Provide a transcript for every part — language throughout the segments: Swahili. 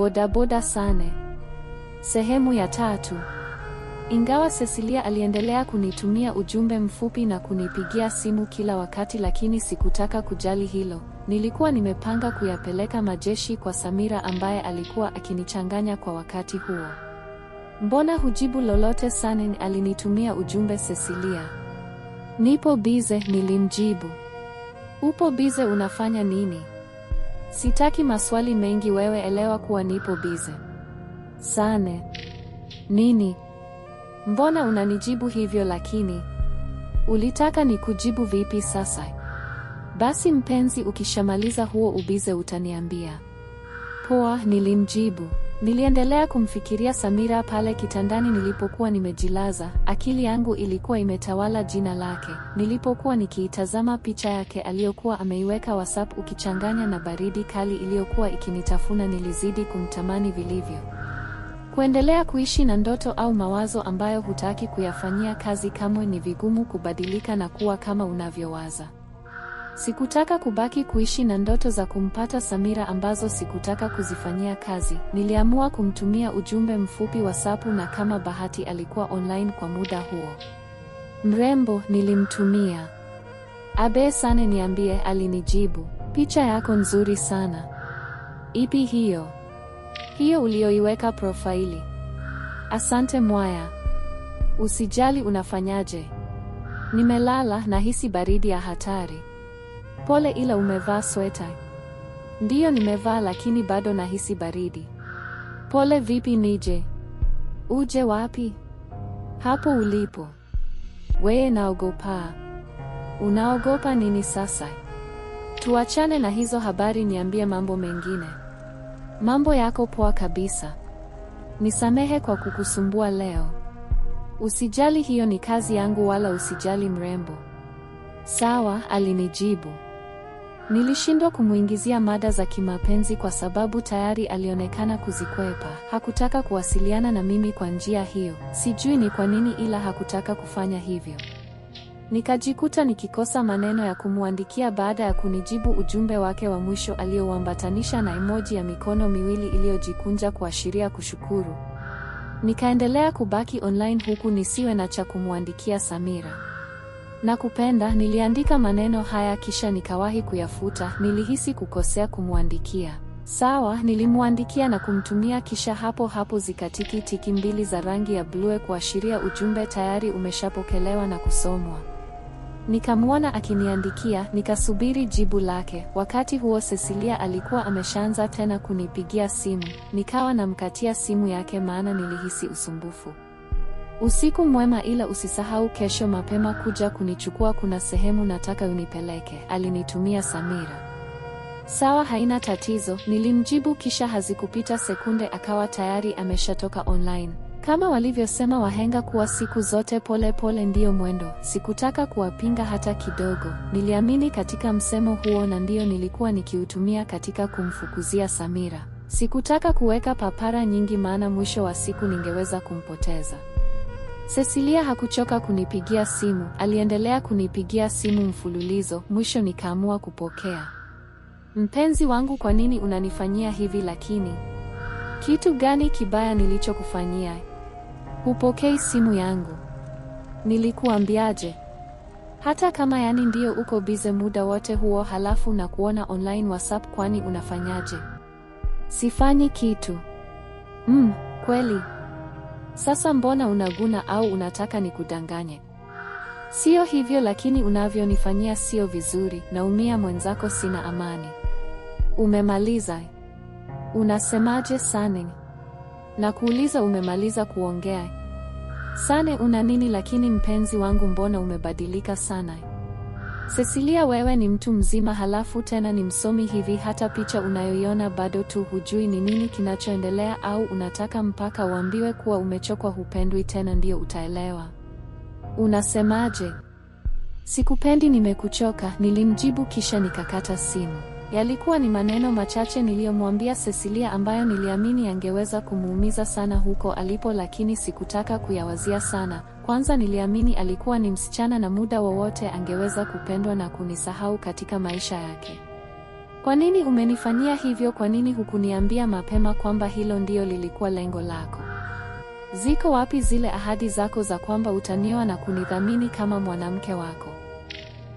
bodaboda Sane. Sehemu ya tatu. Ingawa Cecilia aliendelea kunitumia ujumbe mfupi na kunipigia simu kila wakati, lakini sikutaka kujali hilo. Nilikuwa nimepanga kuyapeleka majeshi kwa Samira ambaye alikuwa akinichanganya kwa wakati huo. Mbona hujibu lolote Sane? Alinitumia ujumbe Cecilia. Nipo bize, nilimjibu. Upo bize unafanya nini? Sitaki maswali mengi, wewe elewa kuwa nipo bize. Sane nini? Mbona unanijibu hivyo? Lakini ulitaka nikujibu vipi sasa? Basi mpenzi, ukishamaliza huo ubize utaniambia. Poa, nilimjibu. Niliendelea kumfikiria Samira pale kitandani nilipokuwa nimejilaza, akili yangu ilikuwa imetawala jina lake. Nilipokuwa nikiitazama picha yake aliyokuwa ameiweka WhatsApp ukichanganya na baridi kali iliyokuwa ikinitafuna, nilizidi kumtamani vilivyo. Kuendelea kuishi na ndoto au mawazo ambayo hutaki kuyafanyia kazi kamwe ni vigumu kubadilika na kuwa kama unavyowaza. Sikutaka kubaki kuishi na ndoto za kumpata Samira ambazo sikutaka kuzifanyia kazi. Niliamua kumtumia ujumbe mfupi wa sapu na kama bahati alikuwa online kwa muda huo. Mrembo, nilimtumia. Abe sana niambie, alinijibu. Picha yako nzuri sana. Ipi hiyo? Hiyo ulioiweka profaili. Asante mwaya. Usijali unafanyaje? Nimelala na hisi baridi ya hatari. Pole ila umevaa sweta. Ndiyo nimevaa lakini bado nahisi baridi. Pole vipi nije? Uje wapi? Hapo ulipo. Weye naogopa. Unaogopa nini sasa? Tuachane na hizo habari niambie mambo mengine. Mambo yako poa kabisa. Nisamehe kwa kukusumbua leo. Usijali hiyo ni kazi yangu wala usijali mrembo. Sawa, alinijibu. Nilishindwa kumuingizia mada za kimapenzi kwa sababu tayari alionekana kuzikwepa. Hakutaka kuwasiliana na mimi kwa njia hiyo. Sijui ni kwa nini ila hakutaka kufanya hivyo. Nikajikuta nikikosa maneno ya kumwandikia baada ya kunijibu ujumbe wake wa mwisho alioambatanisha na emoji ya mikono miwili iliyojikunja kuashiria kushukuru. Nikaendelea kubaki online huku nisiwe na cha kumwandikia Samira. Nakupenda niliandika maneno haya kisha nikawahi kuyafuta. Nilihisi kukosea kumwandikia. Sawa, nilimwandikia na kumtumia kisha hapo hapo zikatiki tiki mbili za rangi ya blue kuashiria ujumbe tayari umeshapokelewa na kusomwa. Nikamwona akiniandikia, nikasubiri jibu lake. Wakati huo Cecilia alikuwa ameshaanza tena kunipigia simu, nikawa namkatia simu yake maana nilihisi usumbufu. Usiku mwema, ila usisahau kesho mapema kuja kunichukua, kuna sehemu nataka unipeleke, alinitumia Samira. Sawa, haina tatizo, nilimjibu. Kisha hazikupita sekunde akawa tayari ameshatoka online. Kama walivyosema wahenga kuwa siku zote pole pole ndiyo mwendo. Sikutaka kuwapinga hata kidogo, niliamini katika msemo huo na ndiyo nilikuwa nikiutumia katika kumfukuzia Samira. Sikutaka kuweka papara nyingi, maana mwisho wa siku ningeweza kumpoteza. Cecilia hakuchoka kunipigia simu, aliendelea kunipigia simu mfululizo, mwisho nikaamua kupokea. Mpenzi wangu, kwa nini unanifanyia hivi? Lakini kitu gani kibaya nilichokufanyia? Hupokei simu yangu? Nilikuambiaje? Hata kama yani ndiyo uko bize muda wote huo, halafu na kuona online WhatsApp, kwani unafanyaje? Sifanyi kitu. Mm, kweli sasa mbona unaguna au unataka nikudanganye? sio hivyo, lakini unavyonifanyia sio vizuri. Naumia mwenzako, sina amani. Umemaliza? Unasemaje Sane? Nakuuliza, umemaliza kuongea? Sane, una nini? Lakini mpenzi wangu, mbona umebadilika sana? Cecilia, wewe ni mtu mzima halafu tena ni msomi hivi, hata picha unayoiona bado tu hujui ni nini kinachoendelea, au unataka mpaka uambiwe kuwa umechokwa, hupendwi tena ndio utaelewa? Unasemaje? Sikupendi, nimekuchoka, nilimjibu kisha nikakata simu. Yalikuwa ni maneno machache niliyomwambia Cecilia ambayo niliamini yangeweza kumuumiza sana huko alipo, lakini sikutaka kuyawazia sana. Kwanza niliamini alikuwa ni msichana na muda wowote angeweza kupendwa na kunisahau katika maisha yake. Kwa nini umenifanyia hivyo? Kwa nini hukuniambia mapema kwamba hilo ndio lilikuwa lengo lako? Ziko wapi zile ahadi zako za kwamba utanioa na kunidhamini kama mwanamke wako?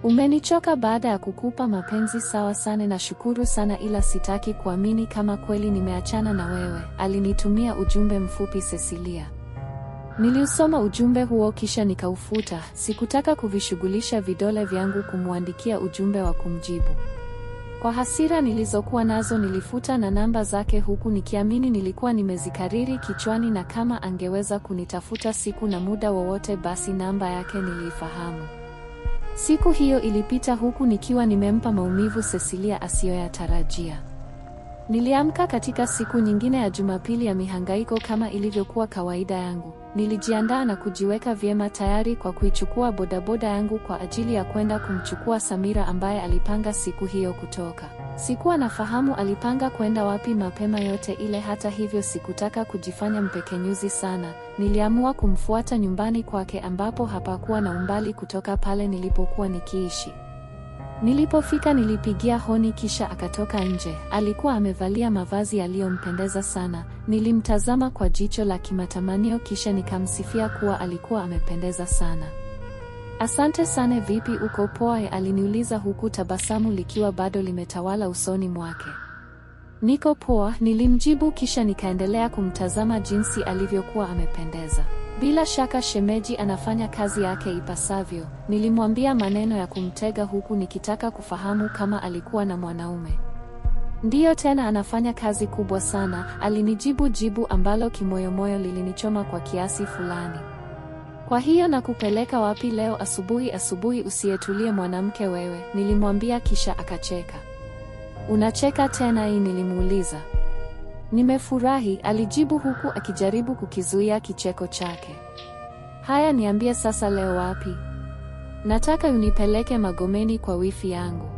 Umenichoka baada ya kukupa mapenzi. Sawa sana, na shukuru sana, ila sitaki kuamini kama kweli nimeachana na wewe. Alinitumia ujumbe mfupi Cecilia. Niliusoma ujumbe huo kisha nikaufuta. Sikutaka kuvishughulisha vidole vyangu kumwandikia ujumbe wa kumjibu. Kwa hasira nilizokuwa nazo nilifuta na namba zake huku nikiamini nilikuwa nimezikariri kichwani na kama angeweza kunitafuta siku na muda wowote basi namba yake niliifahamu. Siku hiyo ilipita huku nikiwa nimempa maumivu Cecilia asiyoyatarajia. Niliamka katika siku nyingine ya Jumapili ya mihangaiko kama ilivyokuwa kawaida yangu. Nilijiandaa na kujiweka vyema tayari kwa kuichukua bodaboda yangu kwa ajili ya kwenda kumchukua Samira ambaye alipanga siku hiyo kutoka. Sikuwa nafahamu alipanga kwenda wapi mapema yote ile. Hata hivyo, sikutaka kujifanya mpekenyuzi sana. Niliamua kumfuata nyumbani kwake ambapo hapakuwa na umbali kutoka pale nilipokuwa nikiishi. Nilipofika nilipigia honi kisha akatoka nje. Alikuwa amevalia mavazi yaliyompendeza sana. Nilimtazama kwa jicho la kimatamanio kisha nikamsifia kuwa alikuwa amependeza sana. Asante sana, vipi uko poa? Aliniuliza huku tabasamu likiwa bado limetawala usoni mwake. Niko poa, nilimjibu kisha nikaendelea kumtazama jinsi alivyokuwa amependeza. Bila shaka shemeji anafanya kazi yake ipasavyo. Nilimwambia maneno ya kumtega huku nikitaka kufahamu kama alikuwa na mwanaume. Ndiyo tena anafanya kazi kubwa sana, alinijibu jibu ambalo kimoyomoyo lilinichoma kwa kiasi fulani. Kwa hiyo na kupeleka wapi leo asubuhi asubuhi usiyetulie mwanamke wewe, nilimwambia kisha akacheka. Unacheka tena hii nilimuuliza. Nimefurahi, alijibu huku akijaribu kukizuia kicheko chake. Haya, niambie sasa, leo wapi? Nataka unipeleke Magomeni kwa wifi yangu.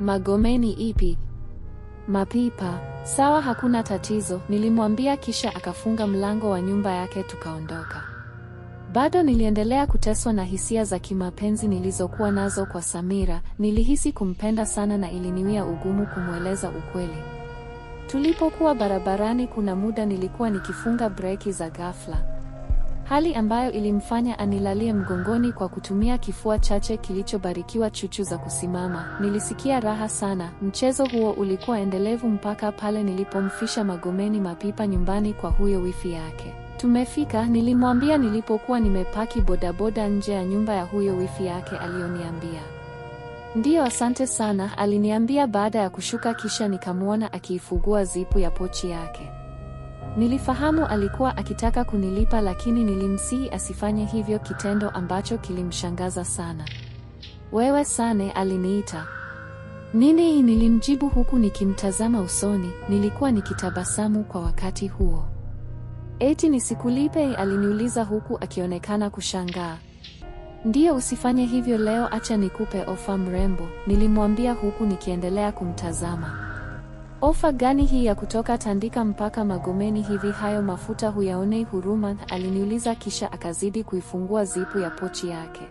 Magomeni ipi? Mapipa. Sawa, hakuna tatizo, nilimwambia kisha akafunga mlango wa nyumba yake tukaondoka. Bado niliendelea kuteswa na hisia za kimapenzi nilizokuwa nazo kwa Samira. Nilihisi kumpenda sana na iliniwia ugumu kumweleza ukweli. Tulipokuwa barabarani, kuna muda nilikuwa nikifunga breki za ghafla, hali ambayo ilimfanya anilalie mgongoni. Kwa kutumia kifua chache kilichobarikiwa chuchu za kusimama, nilisikia raha sana. Mchezo huo ulikuwa endelevu mpaka pale nilipomfisha Magomeni Mapipa nyumbani kwa huyo wifi yake. Tumefika, nilimwambia nilipokuwa nimepaki bodaboda nje ya nyumba ya huyo wifi yake. Alioniambia Ndiyo, asante sana, aliniambia baada ya kushuka, kisha nikamwona akiifungua zipu ya pochi yake. Nilifahamu alikuwa akitaka kunilipa, lakini nilimsihi asifanye hivyo, kitendo ambacho kilimshangaza sana. Wewe Sane, aliniita. Nini? Nilimjibu huku nikimtazama usoni, nilikuwa nikitabasamu kwa wakati huo. Eti nisikulipe? Aliniuliza huku akionekana kushangaa. Ndiyo, usifanye hivyo leo, acha nikupe ofa mrembo, nilimwambia huku nikiendelea kumtazama. Ofa gani hii ya kutoka Tandika mpaka Magomeni? Hivi hayo mafuta huyaonei huruma? Aliniuliza kisha akazidi kuifungua zipu ya pochi yake.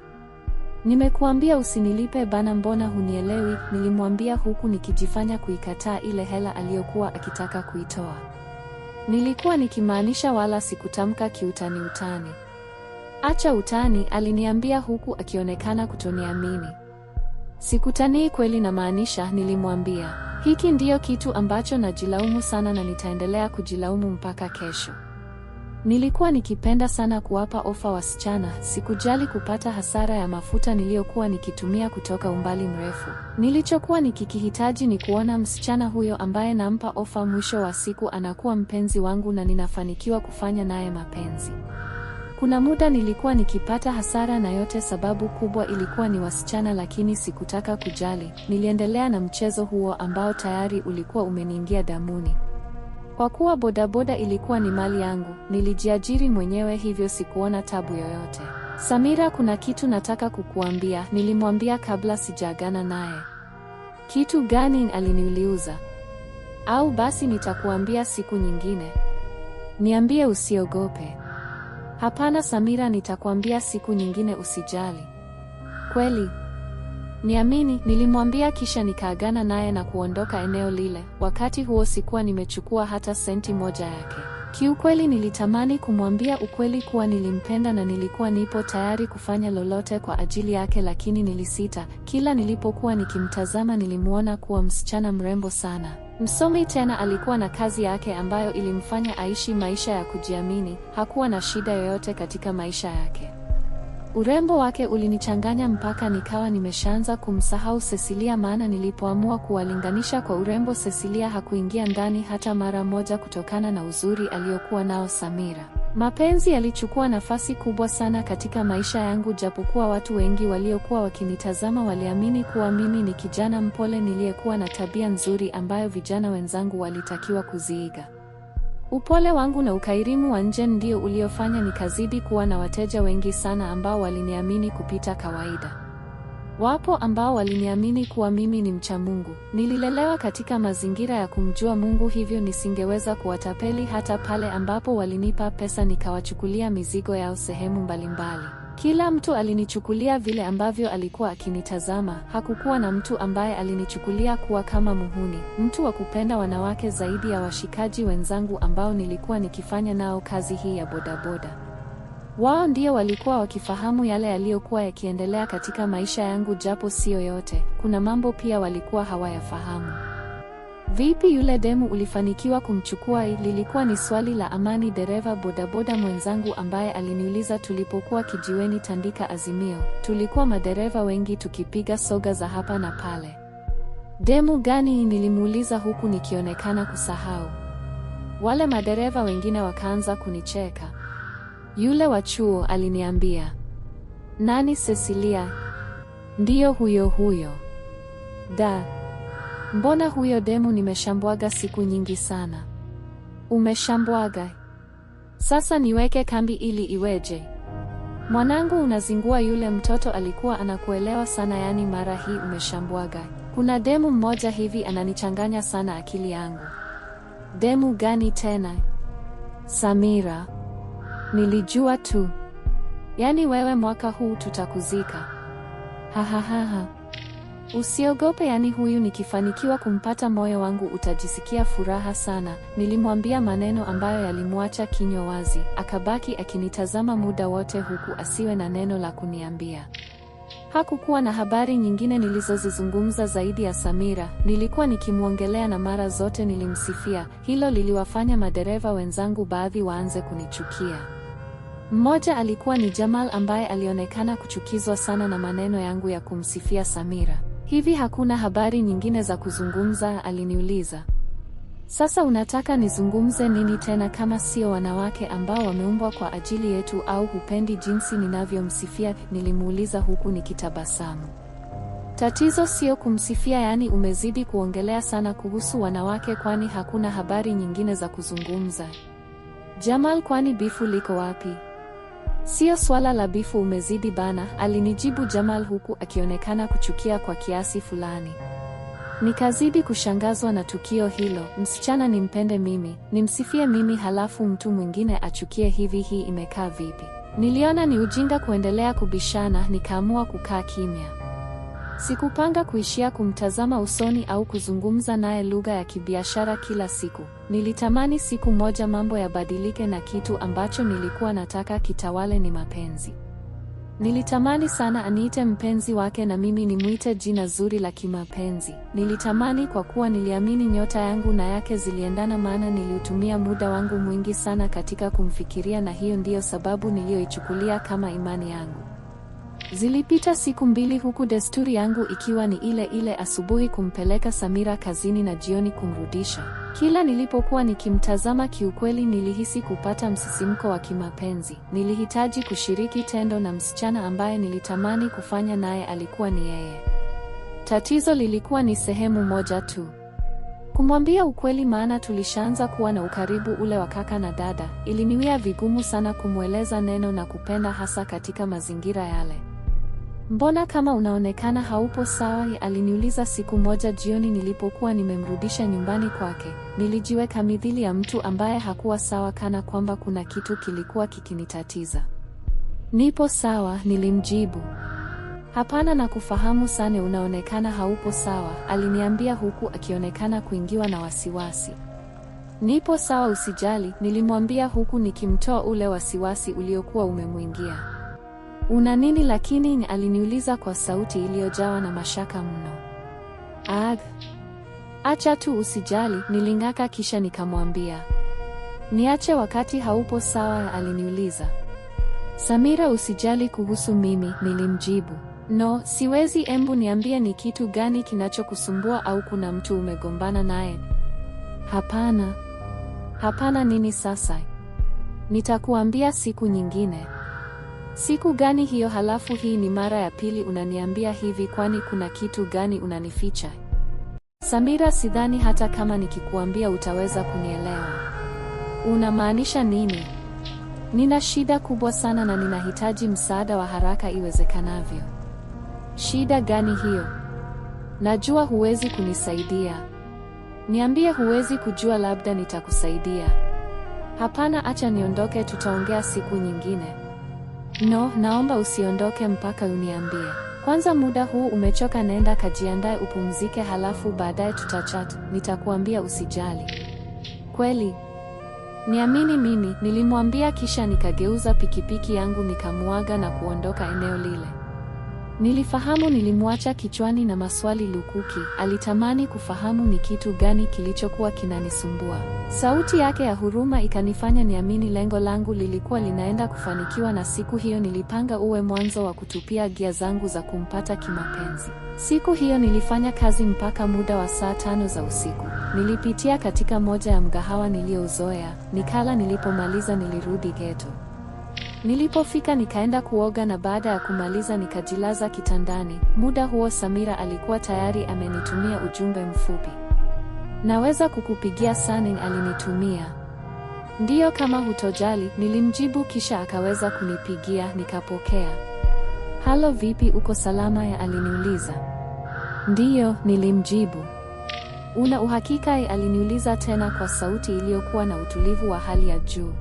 Nimekuambia usinilipe bana, mbona hunielewi? Nilimwambia huku nikijifanya kuikataa ile hela aliyokuwa akitaka kuitoa. Nilikuwa nikimaanisha, wala sikutamka kiutani utani. Acha utani, aliniambia huku akionekana kutoniamini. Sikutanii kweli, na maanisha nilimwambia. Hiki ndiyo kitu ambacho najilaumu sana na nitaendelea kujilaumu mpaka kesho. Nilikuwa nikipenda sana kuwapa ofa wasichana, sikujali kupata hasara ya mafuta niliyokuwa nikitumia kutoka umbali mrefu. Nilichokuwa nikikihitaji ni kuona msichana huyo ambaye nampa ofa mwisho wa siku anakuwa mpenzi wangu na ninafanikiwa kufanya naye mapenzi. Kuna muda nilikuwa nikipata hasara na yote sababu kubwa ilikuwa ni wasichana, lakini sikutaka kujali. Niliendelea na mchezo huo ambao tayari ulikuwa umeniingia damuni. Kwa kuwa bodaboda ilikuwa ni mali yangu, nilijiajiri mwenyewe, hivyo sikuona tabu yoyote. Samira, kuna kitu nataka kukuambia, nilimwambia kabla sijaagana naye. Kitu gani? aliniuliza. Au basi nitakuambia siku nyingine. Niambie, usiogope. Hapana Samira, nitakwambia siku nyingine, usijali. Kweli niamini, nilimwambia kisha nikaagana naye na kuondoka eneo lile. Wakati huo sikuwa nimechukua hata senti moja yake. Kiukweli nilitamani kumwambia ukweli kuwa nilimpenda na nilikuwa nipo tayari kufanya lolote kwa ajili yake, lakini nilisita. Kila nilipokuwa nikimtazama nilimwona kuwa msichana mrembo sana. Msomi tena alikuwa na kazi yake ambayo ilimfanya aishi maisha ya kujiamini, hakuwa na shida yoyote katika maisha yake. Urembo wake ulinichanganya mpaka nikawa nimeshaanza kumsahau Cecilia maana nilipoamua kuwalinganisha kwa urembo Cecilia hakuingia ndani hata mara moja kutokana na uzuri aliokuwa nao Samira. Mapenzi yalichukua nafasi kubwa sana katika maisha yangu japokuwa watu wengi waliokuwa wakinitazama waliamini kuwa mimi ni kijana mpole niliyekuwa na tabia nzuri ambayo vijana wenzangu walitakiwa kuziiga. Upole wangu na ukarimu wa nje ndio uliofanya nikazidi kuwa na wateja wengi sana ambao waliniamini kupita kawaida. Wapo ambao waliniamini kuwa mimi ni mcha Mungu. Nililelewa katika mazingira ya kumjua Mungu, hivyo nisingeweza kuwatapeli hata pale ambapo walinipa pesa nikawachukulia mizigo yao sehemu mbalimbali. Kila mtu alinichukulia vile ambavyo alikuwa akinitazama. Hakukuwa na mtu ambaye alinichukulia kuwa kama muhuni, mtu wa kupenda wanawake zaidi ya washikaji wenzangu ambao nilikuwa nikifanya nao kazi hii ya bodaboda. Wao ndio walikuwa wakifahamu yale yaliyokuwa yakiendelea katika maisha yangu, japo siyo yote. Kuna mambo pia walikuwa hawayafahamu. Vipi yule demu ulifanikiwa kumchukua? Lilikuwa ni swali la Amani, dereva bodaboda mwenzangu, ambaye aliniuliza tulipokuwa kijiweni Tandika, Azimio. Tulikuwa madereva wengi tukipiga soga za hapa na pale. Demu gani? Nilimuuliza huku nikionekana kusahau. Wale madereva wengine wakaanza kunicheka. Yule wa chuo aliniambia. Nani Cecilia? Ndiyo huyo huyo. Da. Mbona huyo demu nimeshambwaga siku nyingi sana. Umeshambwaga. Sasa niweke kambi ili iweje? Mwanangu unazingua yule mtoto alikuwa anakuelewa sana yani mara hii umeshambwaga. Kuna demu mmoja hivi ananichanganya sana akili yangu. Demu gani tena? Samira. Nilijua tu. Yaani wewe mwaka huu tutakuzika. Hahahaha. Usiogope, yani huyu nikifanikiwa kumpata moyo wangu utajisikia furaha sana. Nilimwambia maneno ambayo yalimwacha kinywa wazi, akabaki akinitazama muda wote huku asiwe na neno la kuniambia. Hakukuwa na habari nyingine nilizozizungumza zaidi ya Samira. Nilikuwa nikimwongelea na mara zote nilimsifia. Hilo liliwafanya madereva wenzangu baadhi waanze kunichukia. Mmoja alikuwa ni Jamal ambaye alionekana kuchukizwa sana na maneno yangu ya kumsifia Samira. Hivi hakuna habari nyingine za kuzungumza? Aliniuliza. Sasa unataka nizungumze nini tena kama sio wanawake ambao wameumbwa kwa ajili yetu au hupendi jinsi ninavyomsifia? Nilimuuliza huku nikitabasamu. Tatizo sio kumsifia, yaani umezidi kuongelea sana kuhusu wanawake, kwani hakuna habari nyingine za kuzungumza? Jamal, kwani bifu liko wapi? Sio swala la bifu umezidi bana, alinijibu Jamal huku akionekana kuchukia kwa kiasi fulani. Nikazidi kushangazwa na tukio hilo. Msichana nimpende mimi, nimsifie mimi, halafu mtu mwingine achukie hivi? Hii imekaa vipi? Niliona ni ujinga kuendelea kubishana, nikaamua kukaa kimya. Sikupanga kuishia kumtazama usoni au kuzungumza naye lugha ya kibiashara kila siku. Nilitamani siku moja mambo yabadilike na kitu ambacho nilikuwa nataka kitawale ni mapenzi. Nilitamani sana aniite mpenzi wake na mimi nimwite jina zuri la kimapenzi. Nilitamani kwa kuwa niliamini nyota yangu na yake ziliendana, maana niliutumia muda wangu mwingi sana katika kumfikiria, na hiyo ndiyo sababu niliyoichukulia kama imani yangu. Zilipita siku mbili huku desturi yangu ikiwa ni ile ile, asubuhi kumpeleka Samira kazini na jioni kumrudisha. Kila nilipokuwa nikimtazama, kiukweli nilihisi kupata msisimko wa kimapenzi. Nilihitaji kushiriki tendo na msichana ambaye nilitamani kufanya naye alikuwa ni yeye. Tatizo lilikuwa ni sehemu moja tu. Kumwambia ukweli, maana tulishaanza kuwa na ukaribu ule wa kaka na dada, iliniwia vigumu sana kumweleza neno na kupenda, hasa katika mazingira yale. Mbona kama unaonekana haupo sawa, aliniuliza siku moja jioni nilipokuwa nimemrudisha nyumbani kwake. Nilijiweka midhili ya mtu ambaye hakuwa sawa, kana kwamba kuna kitu kilikuwa kikinitatiza. Nipo sawa, nilimjibu. Hapana, na kufahamu sana, unaonekana haupo sawa, aliniambia huku akionekana kuingiwa na wasiwasi. Nipo sawa, usijali, nilimwambia huku nikimtoa ule wasiwasi uliokuwa umemwingia. Una nini lakini? aliniuliza kwa sauti iliyojawa na mashaka mno. Ag, acha tu, usijali, niling'aka kisha nikamwambia. Niache wakati haupo sawa? aliniuliza. Samira, usijali kuhusu mimi, nilimjibu. No, siwezi. Embu niambie, ni kitu gani kinachokusumbua au kuna mtu umegombana naye? Hapana, hapana. Nini sasa? Nitakuambia siku nyingine. Siku gani hiyo? Halafu hii ni mara ya pili unaniambia hivi, kwani kuna kitu gani unanificha? Samira, sidhani hata kama nikikuambia utaweza kunielewa. Unamaanisha nini? Nina shida kubwa sana na ninahitaji msaada wa haraka iwezekanavyo. Shida gani hiyo? Najua huwezi kunisaidia. Niambie, huwezi kujua, labda nitakusaidia. Hapana, acha niondoke, tutaongea siku nyingine. No, naomba usiondoke mpaka uniambie. Kwanza muda huu umechoka, naenda kajiandae upumzike, halafu baadaye tutachat, nitakuambia usijali. Kweli? Niamini mimi, nilimwambia kisha nikageuza pikipiki yangu nikamwaga na kuondoka eneo lile. Nilifahamu nilimwacha kichwani na maswali lukuki. Alitamani kufahamu ni kitu gani kilichokuwa kinanisumbua. Sauti yake ya huruma ikanifanya niamini lengo langu lilikuwa linaenda kufanikiwa, na siku hiyo nilipanga uwe mwanzo wa kutupia gia zangu za kumpata kimapenzi. Siku hiyo nilifanya kazi mpaka muda wa saa tano za usiku. Nilipitia katika moja ya mgahawa niliyouzoea, nikala. Nilipomaliza nilirudi geto. Nilipofika nikaenda kuoga na baada ya kumaliza nikajilaza kitandani. Muda huo Samira alikuwa tayari amenitumia ujumbe mfupi. Naweza kukupigia Sanin alinitumia. Ndiyo kama hutojali, nilimjibu kisha akaweza kunipigia nikapokea. Halo vipi uko salama ya aliniuliza. Ndiyo, nilimjibu. Una uhakika ya aliniuliza tena kwa sauti iliyokuwa na utulivu wa hali ya juu.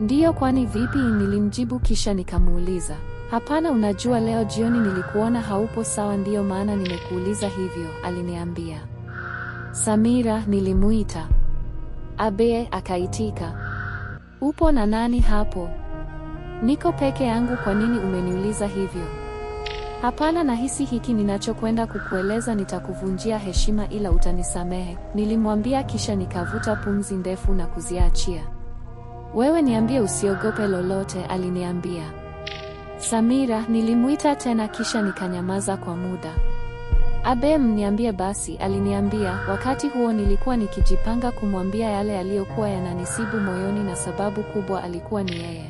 Ndiyo, kwani vipi? Nilimjibu kisha nikamuuliza. Hapana, unajua leo jioni nilikuona haupo sawa, ndiyo maana nimekuuliza hivyo, aliniambia. Samira, nilimuita. Abe akaitika. Upo na nani hapo? Niko peke yangu. Kwa nini umeniuliza hivyo? Hapana, nahisi hiki ninachokwenda kukueleza nitakuvunjia heshima, ila utanisamehe, nilimwambia kisha nikavuta pumzi ndefu na kuziachia. Wewe niambie usiogope lolote, aliniambia Samira. Nilimwita tena kisha nikanyamaza kwa muda. Abem, niambie basi, aliniambia. Wakati huo nilikuwa nikijipanga kumwambia yale yaliyokuwa yananisibu moyoni, na sababu kubwa alikuwa ni yeye.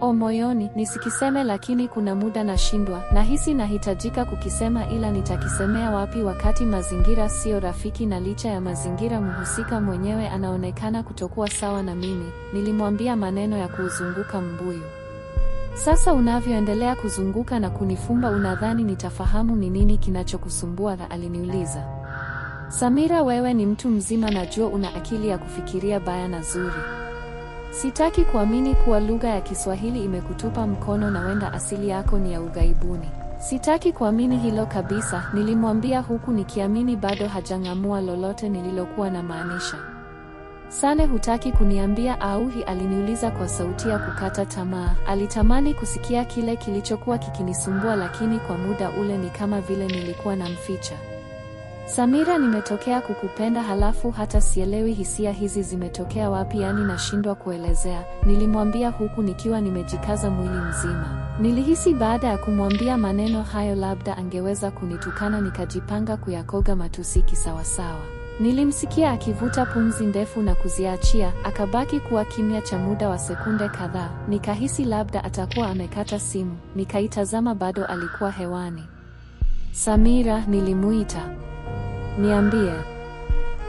O moyoni, nisikiseme lakini kuna muda nashindwa, nahisi nahitajika kukisema ila nitakisemea wapi wakati mazingira siyo rafiki na licha ya mazingira mhusika mwenyewe anaonekana kutokuwa sawa na mimi. Nilimwambia maneno ya kuuzunguka mbuyu. Sasa unavyoendelea kuzunguka na kunifumba unadhani nitafahamu ni nini kinachokusumbua? Na aliniuliza. Samira, wewe ni mtu mzima, najua una akili ya kufikiria baya na zuri. Sitaki kuamini kuwa lugha ya Kiswahili imekutupa mkono na wenda asili yako ni ya ughaibuni. Sitaki kuamini hilo kabisa, nilimwambia huku nikiamini bado hajang'amua lolote nililokuwa na maanisha. Sane, hutaki kuniambia auhi? Aliniuliza kwa sauti ya kukata tamaa. Alitamani kusikia kile kilichokuwa kikinisumbua, lakini kwa muda ule ni kama vile nilikuwa namficha. Samira, nimetokea kukupenda halafu hata sielewi hisia hizi zimetokea wapi, yani nashindwa kuelezea, nilimwambia huku nikiwa nimejikaza mwili mzima. Nilihisi baada ya kumwambia maneno hayo labda angeweza kunitukana, nikajipanga kuyakoga matusi kisawasawa. Nilimsikia akivuta pumzi ndefu na kuziachia, akabaki kuwa kimya cha muda wa sekunde kadhaa. Nikahisi labda atakuwa amekata simu, nikaitazama bado alikuwa hewani. Samira, nilimuita. Niambie,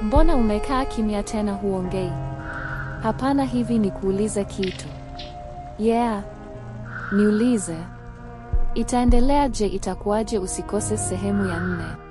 mbona umekaa kimya tena huongei? Hapana, hivi nikuulize kitu. Yeah, niulize. itaendelea je Itakuwaje? Usikose sehemu ya nne.